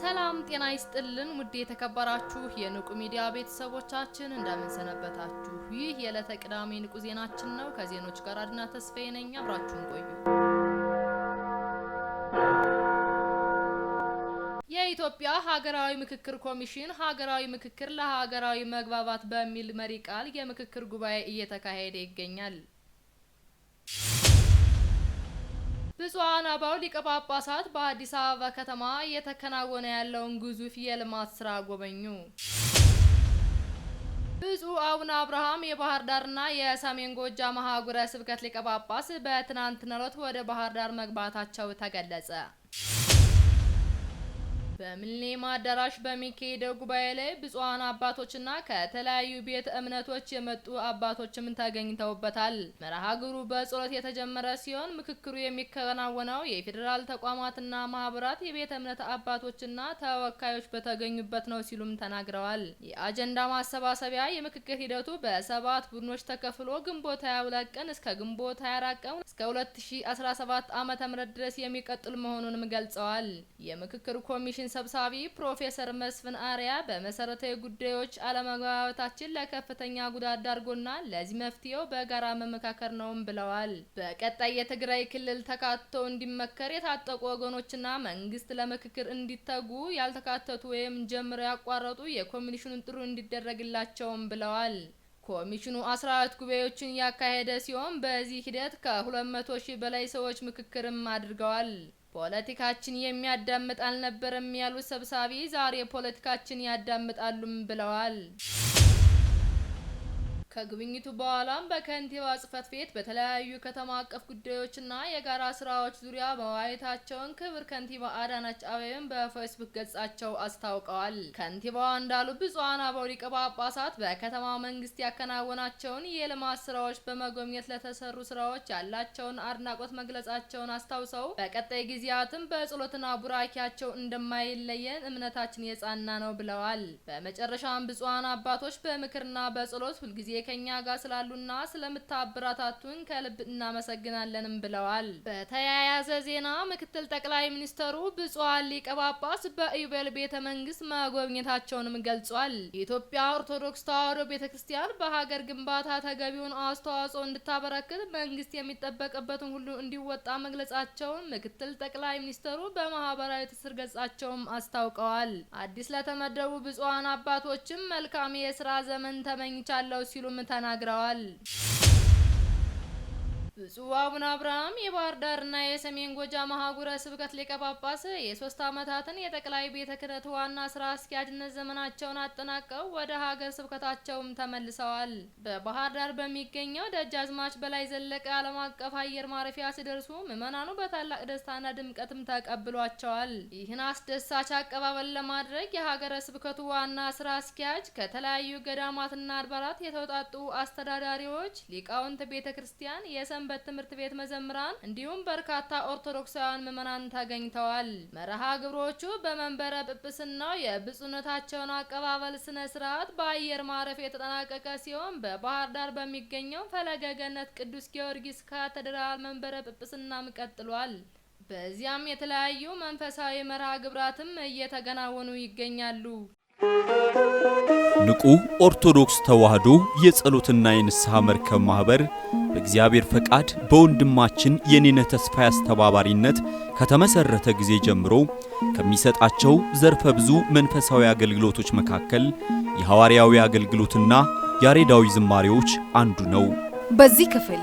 ሰላም ጤና ይስጥልን ውድ የተከበራችሁ የንቁ ሚዲያ ቤተሰቦቻችን እንደምንሰነበታችሁ። ይህ የዕለተ ቅዳሜ ንቁ ዜናችን ነው። ከዜኖች ጋር አድና ተስፋዬ ነኝ። አብራችሁን ቆዩ። የኢትዮጵያ ሀገራዊ ምክክር ኮሚሽን ሀገራዊ ምክክር ለሀገራዊ መግባባት በሚል መሪ ቃል የምክክር ጉባኤ እየተካሄደ ይገኛል። ብፁዓን አበው ሊቀ ጳጳሳት በአዲስ አበባ ከተማ እየተከናወነ ያለውን ግዙፍ የልማት ስራ ጎበኙ። ብፁዕ አቡነ አብርሃም የባህር ዳርና የሰሜን ጎጃም ሀገረ ስብከት ሊቀ ጳጳስ በትናንትናው ዕለት ወደ ባህር ዳር መግባታቸው ተገለጸ። በሚሊኒየም አዳራሽ በሚካሄደው ጉባኤ ላይ ብፁዓን አባቶችና ከተለያዩ ቤተ እምነቶች የመጡ አባቶችም ተገኝተውበታል። መርሃ ግብሩ በጸሎት የተጀመረ ሲሆን ምክክሩ የሚከናወነው የፌዴራል ተቋማትና ማህበራት የቤተ እምነት አባቶችና ተወካዮች በተገኙበት ነው ሲሉም ተናግረዋል። የአጀንዳ ማሰባሰቢያ የምክክር ሂደቱ በሰባት ቡድኖች ተከፍሎ ግንቦት 22 ቀን እስከ ግንቦት 24 ቀን እስከ 2017 ዓ.ም ድረስ የሚቀጥል መሆኑንም ገልጸዋል። የምክክር ኮሚሽን ሰብሳቢ ፕሮፌሰር መስፍን አሪያ በመሰረታዊ ጉዳዮች አለመግባባታችን ለከፍተኛ ጉዳት ዳርጎና ለዚህ መፍትሄው በጋራ መመካከር ነውም ብለዋል። በቀጣይ የትግራይ ክልል ተካቶ እንዲመከር የታጠቁ ወገኖችና መንግስት ለምክክር እንዲተጉ ያልተካተቱ ወይም ጀምሮ ያቋረጡ የኮሚሽኑን ጥሩ እንዲደረግላቸውም ብለዋል። ኮሚሽኑ አስራ ጉባኤዎችን ያካሄደ ሲሆን በዚህ ሂደት ከ200 ሺህ በላይ ሰዎች ምክክርም አድርገዋል። ፖለቲካችን የሚያዳምጥ አልነበረም ያሉ ሰብሳቢ ዛሬ ፖለቲካችን ያዳምጣሉም ብለዋል። ከጉብኝቱ በኋላም በከንቲባ ጽፈት ቤት በተለያዩ ከተማ አቀፍ ጉዳዮችና የጋራ ስራዎች ዙሪያ መወያየታቸውን ክብር ከንቲባ አዳነች አቤብን በፌስቡክ ገጻቸው አስታውቀዋል። ከንቲባዋ እንዳሉ ብፁዓን አበው ሊቀ ጳጳሳት በከተማ መንግስት ያከናወናቸውን የልማት ስራዎች በመጎብኘት ለተሰሩ ስራዎች ያላቸውን አድናቆት መግለጻቸውን አስታውሰው በቀጣይ ጊዜያትም በጸሎትና ቡራኪያቸው እንደማይለየን እምነታችን የጻና ነው ብለዋል። በመጨረሻም ብፁዓን አባቶች በምክርና በጸሎት ሁልጊዜ ከኛ ጋር ስላሉና ስለምታበረታቱን ከልብ እናመሰግናለንም ብለዋል። በተያያዘ ዜና ምክትል ጠቅላይ ሚኒስተሩ ብፁዓን ሊቀ ጳጳስ በኢዮቤልዩ ቤተ መንግስት መጎብኘታቸውንም ገልጿል። የኢትዮጵያ ኦርቶዶክስ ተዋሕዶ ቤተ ክርስቲያን በሀገር ግንባታ ተገቢውን አስተዋጽኦ እንድታበረክት መንግስት የሚጠበቅበትን ሁሉ እንዲወጣ መግለጻቸውን ምክትል ጠቅላይ ሚኒስተሩ በማህበራዊ ትስስር ገጻቸውም አስታውቀዋል። አዲስ ለተመደቡ ብፁዓን አባቶችም መልካም የስራ ዘመን ተመኝቻለሁ ሲሉ ። ተናግረዋል። ብፁዕ አቡነ አብርሃም የባህር ዳርና የሰሜን ጎጃም አህጉረ ስብከት ሊቀ ጳጳስ የሶስት ዓመታትን የጠቅላይ ቤተ ክህነት ዋና ስራ አስኪያጅነት ዘመናቸውን አጠናቀው ወደ ሀገር ስብከታቸውም ተመልሰዋል። በባህር ዳር በሚገኘው ደጃዝማች በላይ ዘለቀ ዓለም አቀፍ አየር ማረፊያ ሲደርሱ ምዕመናኑ በታላቅ ደስታና ድምቀትም ተቀብሏቸዋል። ይህን አስደሳች አቀባበል ለማድረግ የሀገረ ስብከቱ ዋና ስራ አስኪያጅ ከተለያዩ ገዳማትና አድባራት የተውጣጡ አስተዳዳሪዎች፣ ሊቃውንት ቤተ ክርስቲያን፣ የሰንበ ሰንበት ትምህርት ቤት መዘምራን እንዲሁም በርካታ ኦርቶዶክሳውያን ምዕመናን ተገኝተዋል። መርሃ ግብሮቹ በመንበረ ጵጵስናው የብፁዕነታቸውን አቀባበል ስነ ስርዓት በአየር ማረፍ የተጠናቀቀ ሲሆን በባህር ዳር በሚገኘው ፈለገ ገነት ቅዱስ ጊዮርጊስ ካቴድራል መንበረ ጵጵስናም ቀጥሏል። በዚያም የተለያዩ መንፈሳዊ መርሃ ግብራትም እየተከናወኑ ይገኛሉ። ንቁ ኦርቶዶክስ ተዋህዶ የጸሎትና የንስሐ መርከብ ማኅበር በእግዚአብሔር ፈቃድ በወንድማችን የኔነ ተስፋዬ አስተባባሪነት ከተመሰረተ ጊዜ ጀምሮ ከሚሰጣቸው ዘርፈ ብዙ መንፈሳዊ አገልግሎቶች መካከል የሐዋርያዊ አገልግሎትና ያሬዳዊ ዝማሬዎች አንዱ ነው። በዚህ ክፍል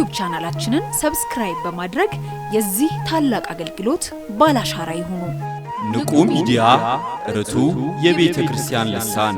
ዩቲዩብ ቻናላችንን ሰብስክራይብ በማድረግ የዚህ ታላቅ አገልግሎት ባላሻራ ይሁኑ። ንቁ ሚዲያ ርቱ የቤተ ክርስቲያን ልሳን